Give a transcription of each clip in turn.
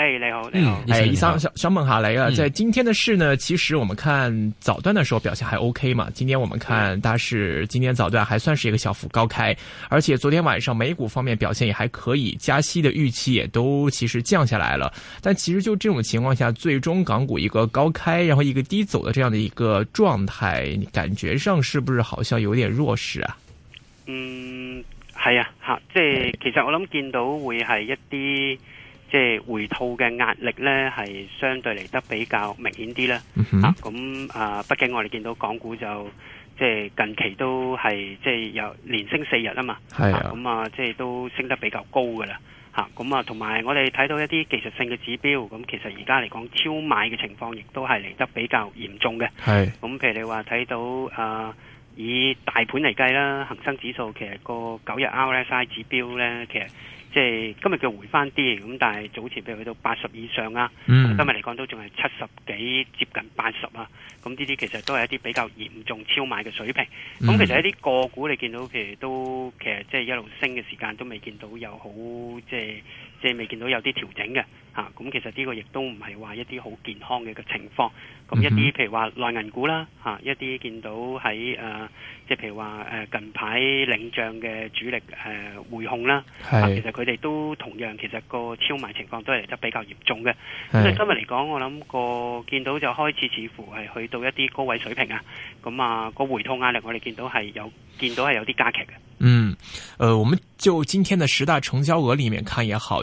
哎，hey，你好，你好，嗯、醫生哎，伊桑好，想想問下，來啊！嗯、在今天的市呢，其實我們看早段的時候表現還 OK 嘛。今天我們看大市，今天早段還算是一個小幅高開，而且昨天晚上美股方面表現也還可以，加息的預期也都其實降下來了。但其實就這種情況下，最終港股一個高開，然後一個低走的這樣的一個狀態，感覺上是不是好像有點弱勢啊？嗯，係啊，哈即係其實我諗見到會係一啲。即係回吐嘅壓力咧，係相對嚟得比較明顯啲啦。嚇、嗯哼，咁啊，畢竟我哋見到港股就即係近期都係即係有連升四日啊嘛。係咁的啊，即係都升得比較高噶啦。嚇，咁啊，同埋我哋睇到一啲技術性嘅指標，咁其實而家嚟講超買嘅情況，亦都係嚟得比較嚴重嘅。係的。咁譬如你話睇到啊，以大盤嚟計啦，恒生指數其實個九日 RSI 指標咧，其實。即係今日佢回翻啲，咁但係早前譬如去到八十以上、mm hmm. 啊，今日嚟講都仲係七十幾接近八十啊，咁呢啲其實都係一啲比較嚴重超買嘅水平。咁、mm hmm. 其實一啲個股你見到其實都其實即係一路升嘅時間都未見到有好即係。就是即係未見到有啲調整嘅吓，咁、啊、其實呢個亦都唔係話一啲好健康嘅個情況。咁一啲、啊呃、譬如話內銀股啦吓，一啲見到喺誒，即係譬如話誒近排領漲嘅主力誒、呃、匯控啦。係、啊、其實佢哋都同樣，其實個超賣情況都係嚟得比較嚴重嘅。咁啊是，今日嚟講，我諗個見到就開始似乎係去到一啲高位水平啊。咁啊，個回吐壓力我哋見到係有，見到係有啲加劇嘅。嗯，誒、呃，我們就今天的十大成交額裏面看也好。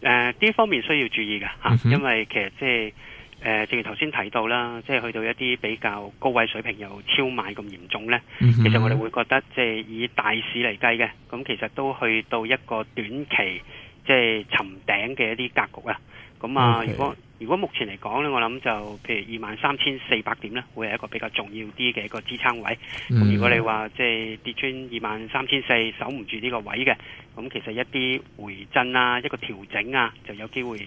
誒，呢、呃、方面需要注意嘅吓，啊 mm hmm. 因為其實即係誒，正如頭先提到啦，即、就、係、是、去到一啲比較高位水平又超賣咁嚴重咧，mm hmm. 其實我哋會覺得即係以大市嚟計嘅，咁其實都去到一個短期即係、就是、沉頂嘅一啲格局啦啊。咁啊，如果。如果目前嚟講咧，我諗就譬如二萬三千四百點咧，會係一個比較重要啲嘅一個支撐位。咁、嗯、如果你話即係跌穿二萬三千四守唔住呢個位嘅，咁其實一啲回震啊、一個調整啊，就有機會就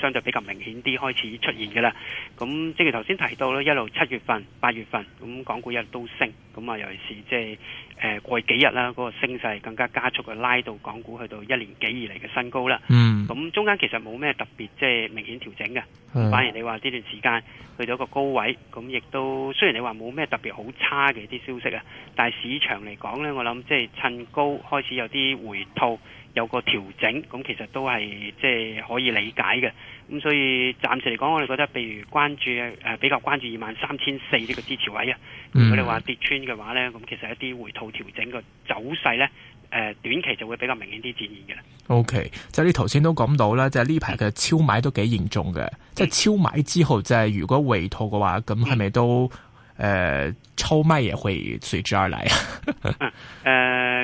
相對比較明顯啲開始出現嘅啦。咁正如頭先提到咧，一路七月份、八月份咁港股一路都升，咁啊尤其是即係。誒、呃、過幾日啦、啊，嗰、那個升勢更加加速嘅拉到港股去到一年幾以嚟嘅新高啦。嗯，咁中間其實冇咩特別即係、就是、明顯調整嘅，嗯、反而你話呢段時間去到一個高位，咁亦都雖然你話冇咩特別好差嘅啲消息啊，但係市場嚟講呢，我諗即係趁高開始有啲回吐，有個調整，咁其實都係即係可以理解嘅。咁所以暫時嚟講，我哋覺得，譬如關注誒，比較關注二萬三千四呢個支持位啊。嗯、如果你話跌穿嘅話咧，咁其實一啲回吐調整嘅走勢咧，誒，短期就會比較明顯啲自然嘅。O K，就係你頭先都講到啦，就係呢排嘅超買都幾嚴重嘅。嗯、即係超買之後，就係如果回吐嘅話，咁係咪都誒超賣也會隨之而來啊？誒、 嗯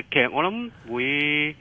呃，其實我諗會。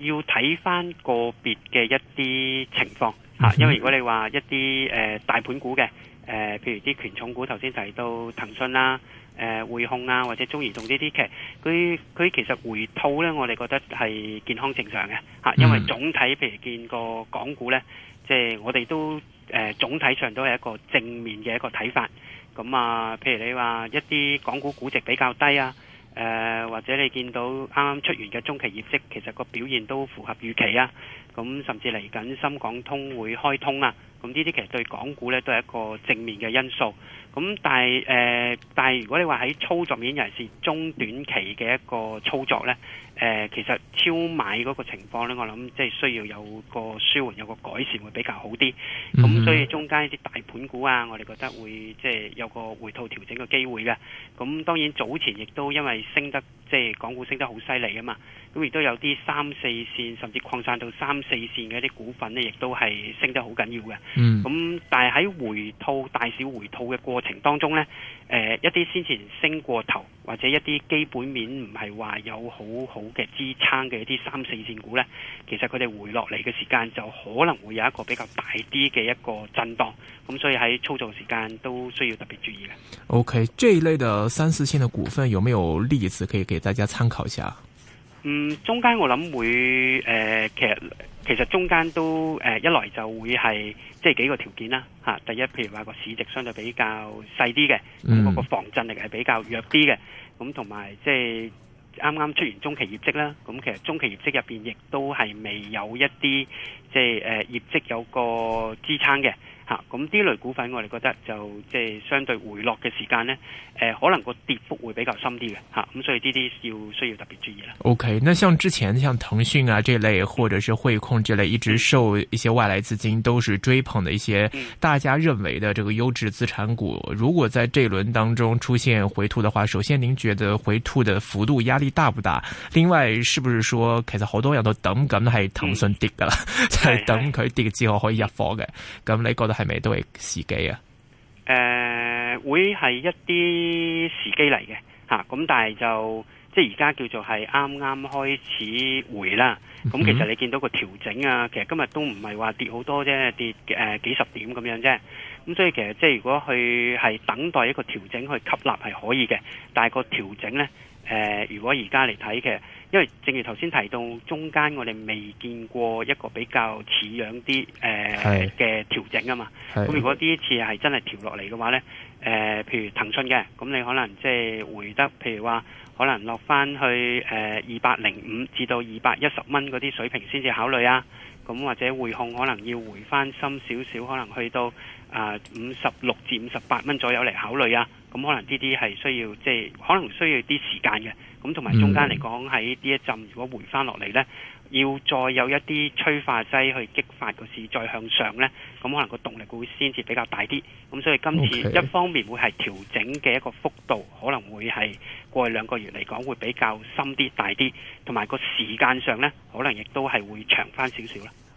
要睇返個別嘅一啲情況嚇，因為如果你話一啲誒、呃、大盤股嘅誒、呃，譬如啲權重股，頭先提到騰訊啦、誒、呃、匯控啊，或者中移動呢啲劇，佢佢其實回吐咧，我哋覺得係健康正常嘅嚇，因為總體譬如見個港股咧，即係我哋都誒、呃、總體上都係一個正面嘅一個睇法。咁啊，譬如你話一啲港股估值比較低啊。誒、呃、或者你見到啱啱出完嘅中期業績，其實個表現都符合預期啊。咁、啊、甚至嚟緊深港通會開通啊，咁呢啲其實對港股呢，都係一個正面嘅因素。咁但係誒、呃，但係如果你話喺操作面，尤其是中短期嘅一個操作咧，誒、呃，其實超買嗰個情況咧，我諗即係需要有個舒緩、有個改善會比較好啲。咁所以中間一啲大盤股啊，我哋覺得會即係有個回吐調整嘅機會嘅。咁當然早前亦都因為升得。即係港股升得好犀利啊嘛，咁亦都有啲三四線甚至擴散到三四線嘅一啲股份呢，亦都係升得好緊要嘅。嗯。咁但係喺回吐、大小回吐嘅過程當中呢，誒、呃、一啲先前升過頭或者一啲基本面唔係話有很好好嘅支撐嘅一啲三四線股呢，其實佢哋回落嚟嘅時間就可能會有一個比較大啲嘅一個震盪。咁所以喺操作時間都需要特別注意嘅。OK，這一類嘅三四線嘅股份有冇有例子可以？大家參考一下。嗯，中間我諗會誒、呃，其實其實中間都誒、呃，一來就會係即係幾個條件啦。吓，第一，譬如話個市值相對比較細啲嘅，咁、嗯、個防震力係比較弱啲嘅。咁同埋即係啱啱出完中期業績啦。咁、嗯、其實中期業績入邊亦都係未有一啲即係誒、呃、業績有個支撐嘅。嚇，咁呢類股份我哋覺得就即係相對回落嘅時間呢，誒、呃，可能個跌幅會比較深啲嘅，嚇、啊，咁所以呢啲要需要特別注意啊。OK，那像之前像騰訊啊，這類或者是匯控這類，一直受一些外來資金都是追捧的一些大家認為的這個優質資產股，嗯、如果在這輪當中出現回吐的話，首先您覺得回吐的幅度壓力大不大？另外，是不是說其實好多人都等緊係騰訊跌㗎啦，就係等佢跌之後可以入貨嘅？咁、嗯、你覺得？係咪，都係時機，、呃、係時機啊？誒，會係一啲時機嚟嘅嚇。咁但係就即係而家叫做係啱啱開始回啦。咁、嗯、哼其實你見到個調整啊，其實今日都唔係話跌好多啫，跌誒、呃、幾十點咁樣啫。咁、啊、所以其實即係如果去係等待一個調整去吸納係可以嘅，但係個調整咧。誒、呃，如果而家嚟睇嘅，因為正如頭先提到，中間我哋未見過一個比較似樣啲誒嘅調整啊嘛。咁是如果呢一次係真係調落嚟嘅話呢，誒、呃，譬如騰訊嘅，咁你可能即係回得，譬如話可能落翻去誒二百零五至到二百一十蚊嗰啲水平先至考慮啊。咁或者匯控可能要回翻深少少，可能去到啊五十六至五十八蚊左右嚟考慮啊。咁可能呢啲係需要，即係可能需要啲時間嘅。咁同埋中間嚟講，喺呢一陣如果回翻落嚟呢，要再有一啲催化劑去激發個市再向上呢，咁可能個動力會先至比較大啲。咁所以今次一方面會係調整嘅一個幅度，可能會係過去兩個月嚟講會比較深啲、大啲，同埋個時間上呢，可能亦都係會長翻少少啦。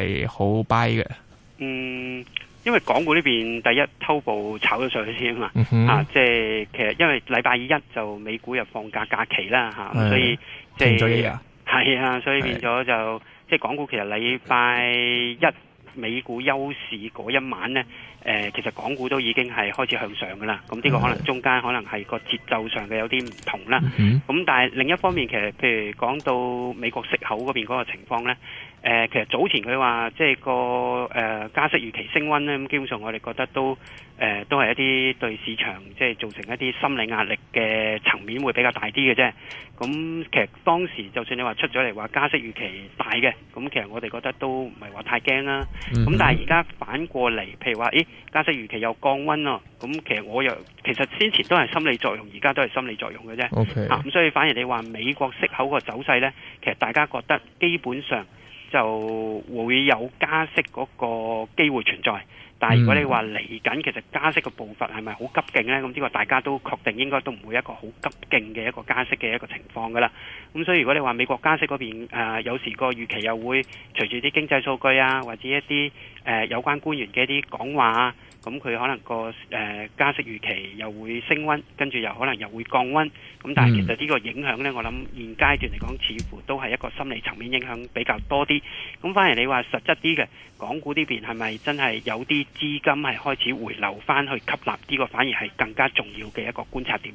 係好掰嘅，的嗯，因為港股呢邊第一偷步炒咗上去先啊嘛，嗯、哼啊，即係其實因為禮拜一就美股又放假假期啦吓，嗯、哼所以變咗係啊，所以變咗就是即係港股其實禮拜一美股休市嗰一晚咧，誒、呃，其實港股都已經係開始向上噶啦，咁呢個可能中間可能係個節奏上嘅有啲唔同啦，咁但係另一方面其實譬如講到美國息口嗰邊嗰個情況咧。誒、呃，其實早前佢話即係個誒、呃、加息預期升溫咧，咁基本上我哋覺得都誒、呃、都係一啲對市場即係造成一啲心理壓力嘅層面會比較大啲嘅啫。咁其實當時就算你話出咗嚟話加息預期大嘅，咁其實我哋覺得都唔係話太驚啦。咁、mm hmm. 但係而家反過嚟，譬如話咦加息預期又降溫咯，咁其實我又其實先前都係心理作用，而家都係心理作用嘅啫。咁 Okay.、嗯、所以反而你話美國息口個走勢咧，其實大家覺得基本上，就會有加息嗰個機會存在，但如果你話嚟緊其實加息嘅步伐係咪好急勁呢？咁呢個大家都確定應該都唔會一個好急勁嘅一個加息嘅一個情況㗎啦。咁所以如果你話美國加息嗰邊，呃，有時個預期又會隨住啲經濟數據啊，或者一啲。誒、呃、有關官員嘅一啲講話，咁、嗯、佢可能個誒、呃、加息預期又會升溫，跟住又可能又會降溫。咁、嗯嗯、但係其實呢個影響呢，我諗現階段嚟講，似乎都係一個心理層面影響比較多啲。咁、嗯、反而你話實質啲嘅，港股呢邊係咪真係有啲資金係開始回流返去吸納？呢個反而係更加重要嘅一個觀察點。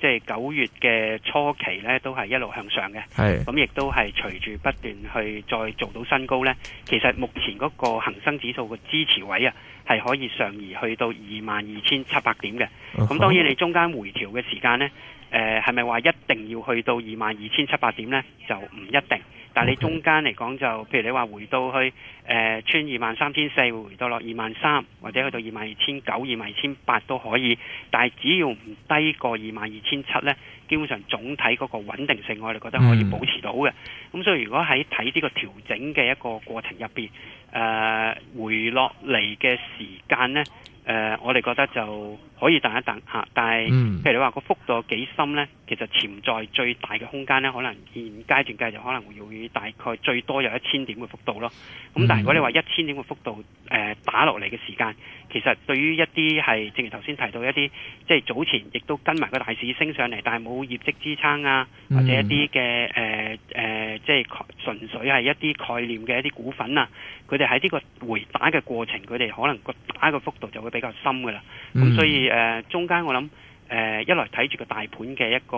即係九月嘅初期咧，都係一路向上嘅。係是，咁亦都係隨住不斷去再做到新高咧。其實目前嗰個恆生指數嘅支持位啊，係可以上移去到二萬二千七百點嘅。咁當然你中間回調嘅時間咧。誒係咪話一定要去到二萬二千七百點呢？就唔一定。但係你中間嚟講就，譬如你話回到去誒、呃、穿二萬三千四回到落，二萬三或者去到二萬二千九、二萬二千八都可以。但係只要唔低過二萬二千七呢，基本上總體嗰個穩定性我哋覺得可以保持到嘅。咁、嗯嗯、所以如果喺睇呢個調整嘅一個過程入邊，誒、呃、回落嚟嘅時間呢。誒、呃，我哋覺得就可以等一等、啊、但係、嗯、譬如你話個幅度幾深呢？其實潛在最大嘅空間呢，可能現階段計就可能會大概最多有一千點嘅幅度咯。咁、嗯、但係如果你話一千點嘅幅度誒、呃、打落嚟嘅時間，其實對於一啲係正如頭先提到一啲，即係早前亦都跟埋個大市升上嚟，但係冇業績支撐啊，或者一啲嘅誒、誒即係純粹係一啲概念嘅一啲股份啊，佢哋喺呢個回打嘅過程，佢哋可能個打嘅幅度就會比。比較深噶啦，咁所以誒、呃、中間我諗誒、呃、一來睇住個大盤嘅一個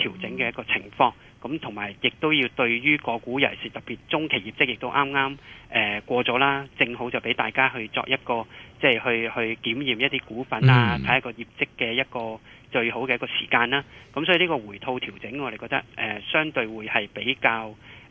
調整嘅一個情況，咁同埋亦都要對於個股尤其是特別中期業績亦都啱啱誒過咗啦，正好就俾大家去作一個即係去去檢驗一啲股份啊，睇、嗯、一個業績嘅一個最好嘅一個時間啦。咁所以呢個回吐調整我哋覺得誒、呃、相對會係比較。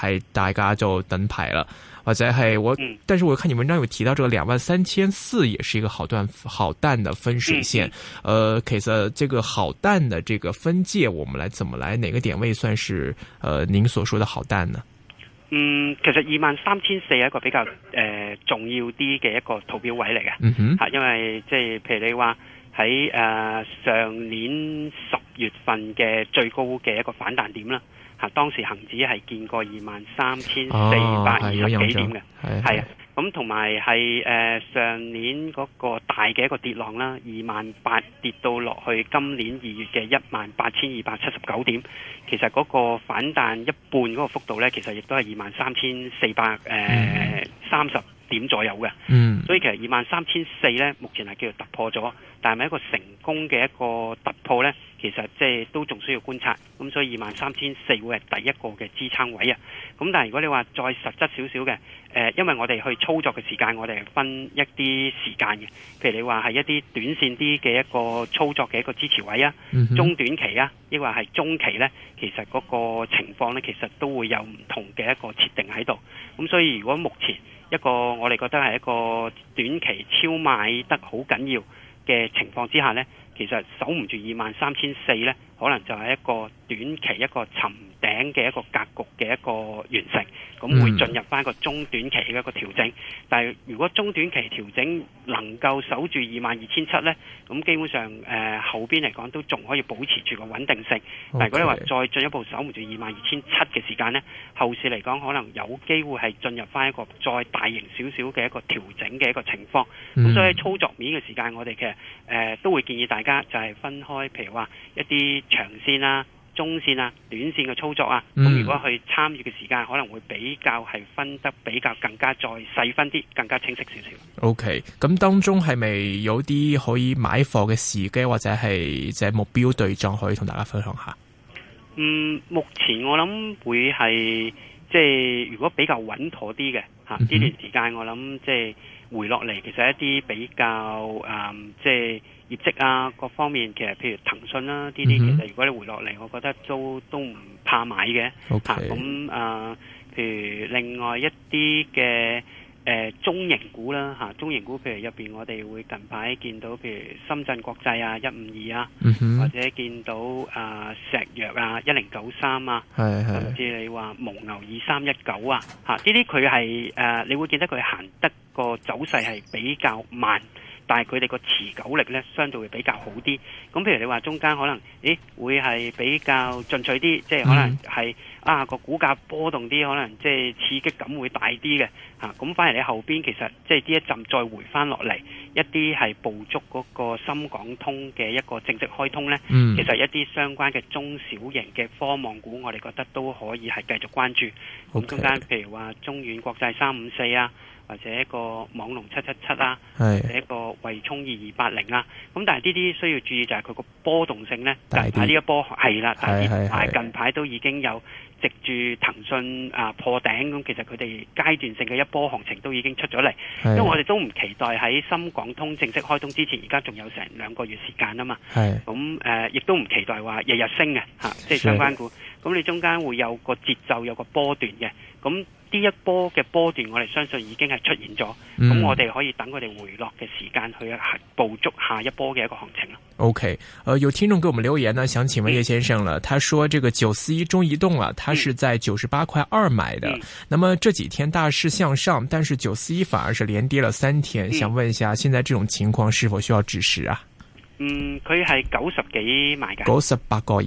係大家就等牌了，或者係我，但是我看你文章有提到這個兩萬三千四也是一個好淡好淡的分水線，嗯、呃其實這個好淡的這個分界，我們來怎麼來？哪個點位算是，呃，您所說的好淡呢？嗯，其實二萬三千四係一個比較誒、呃、重要啲嘅一個圖表位嚟嘅，吓、嗯哼，因為即係譬如你話喺誒上年十月份嘅最高嘅一個反彈點啦。嚇，當時恆指係見過二萬三千四百二十幾點嘅，係啊、哦，咁同埋係誒上年嗰個大嘅一個跌浪啦，二萬八跌到落去今年二月嘅一萬八千二百七十九點，其實嗰個反彈一半嗰個幅度咧，其實亦都係二萬三千四百誒三十點左右嘅，嗯、所以其實二萬三千四咧，目前係叫做突破咗，但係咪一個成功嘅一個突破咧，其實即係都仲需要觀察。咁所以二萬三千四會係第一個嘅支撐位啊。咁但係如果你話再實質少少嘅，誒、呃，因為我哋去操作嘅時間，我哋係分一啲時間嘅。譬如你話係一啲短線啲嘅一個操作嘅一個支持位啊，嗯、哼中短期啊，亦或係中期咧，其實嗰個情況咧，其實都會有唔同嘅一個設定喺度。咁所以如果目前一個我哋覺得係一個短期超買得好緊要嘅情況之下呢，其實守唔住二萬三千四呢。可能就係一個短期一個沉頂嘅一個格局嘅一個完成，咁會進入翻一個中短期嘅一個調整。但係如果中短期調整能夠守住二萬二千七咧，咁基本上、呃、後邊嚟講都仲可以保持住個穩定性。但係如果你話再進一步守唔住二萬二千七嘅時間咧，後市嚟講可能有機會係進入翻一個再大型少少嘅一個調整嘅一個情況。咁所以喺操作面嘅時間，我哋其實誒都會建議大家就係分開，譬如話一啲。長線啦、中線啦、短線嘅操作啊，咁如果去參與嘅時間，可能會比較係分得比較更加再細分啲，更加清晰少少。OK，咁當中係咪有啲可以買貨嘅時機，或者係即係目標對象，可以同大家分享下？嗯，目前我諗會係即係如果比較穩妥啲嘅，吓呢段時間，我諗即係回落嚟，其實一啲比較誒即係。業績啊，各方面其實譬如騰訊啦，呢啲其實如果你回落嚟，我覺得都都唔怕買嘅。O K，咁啊，譬如另外一啲嘅誒中型股啦，嚇中型股譬如入邊，我哋會近排見到譬如深圳國際啊，一五二啊，或者見到啊石藥啊，一零九三啊，甚至你話蒙牛二三一九啊，嚇呢啲佢係誒，你會見得佢行得個走勢係比較慢。但係佢哋個持久力咧，相對會比較好啲。咁譬如你話中間可能，咦會係比較進取啲，即係可能係、嗯、啊個股價波動啲，可能即係刺激感會大啲嘅嚇。咁反而你後邊其實即係呢一陣再回翻落嚟，一啲係捕捉嗰個深港通嘅一個正式開通咧。嗯、其實一啲相關嘅中小型嘅科網股，我哋覺得都可以係繼續關注。咁、嗯、中間譬如話中遠國際三五四啊。或者一個網龍七七七啦，是或者一個慧聰二二八零啦。咁但係呢啲需要注意，就係佢個波動性咧。跌近排呢一波係啦，是近排近排都已經有藉住騰訊啊破頂咁，其實佢哋階段性嘅一波行情都已經出咗嚟。的因為我哋都唔期待喺深港通正式開通之前，而家仲有成兩個月時間啊嘛。係咁誒，亦、呃、都唔期待話日日升嘅嚇，即係的、啊就是、相關股。咁的你中間會有個節奏，有個波段嘅咁。呢一波嘅波段，我哋相信已經係出現咗，咁、嗯、我哋可以等佢哋回落嘅時間去捕捉下一波嘅一個行情。OK，有聽眾給我們留言呢，想請問葉先生啦。嗯、他說：這個九四一中移動啊，他是在九十八塊二買的，嗯、那麼這幾天大勢向上，但是九四一反而是連跌了三天，嗯、想問一下，現在這種情況是否需要止蝕啊？嗯，佢係九十幾買嘅，九十八個二，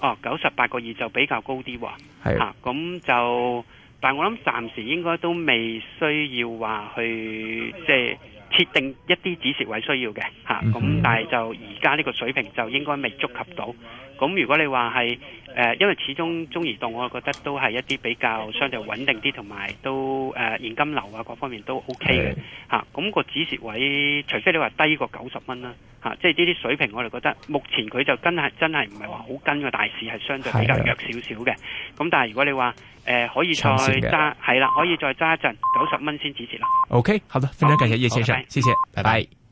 哦，九十八個二就比較高啲喎、哦，係的啊，咁就。但係我諗，暫時應該都未需要話去即係設定一啲指示位需要嘅吓。咁、啊、但係就而家呢個水平就應該未觸及到。咁如果你話係誒，因為始終中移動，我覺得都係一啲比較相對穩定啲，同埋都誒現金流啊各方面都 OK 嘅嚇。咁個止蝕位，除非你話低過九十蚊啦嚇，即係呢啲水平，我哋覺得目前佢就跟係真係唔係話好跟個大市，係相對比較弱少少嘅。咁但係如果你話誒可以再揸係啦，可以再揸一陣九十蚊先止蝕啦。OK，好啦，分享感謝葉先生，謝謝，拜拜。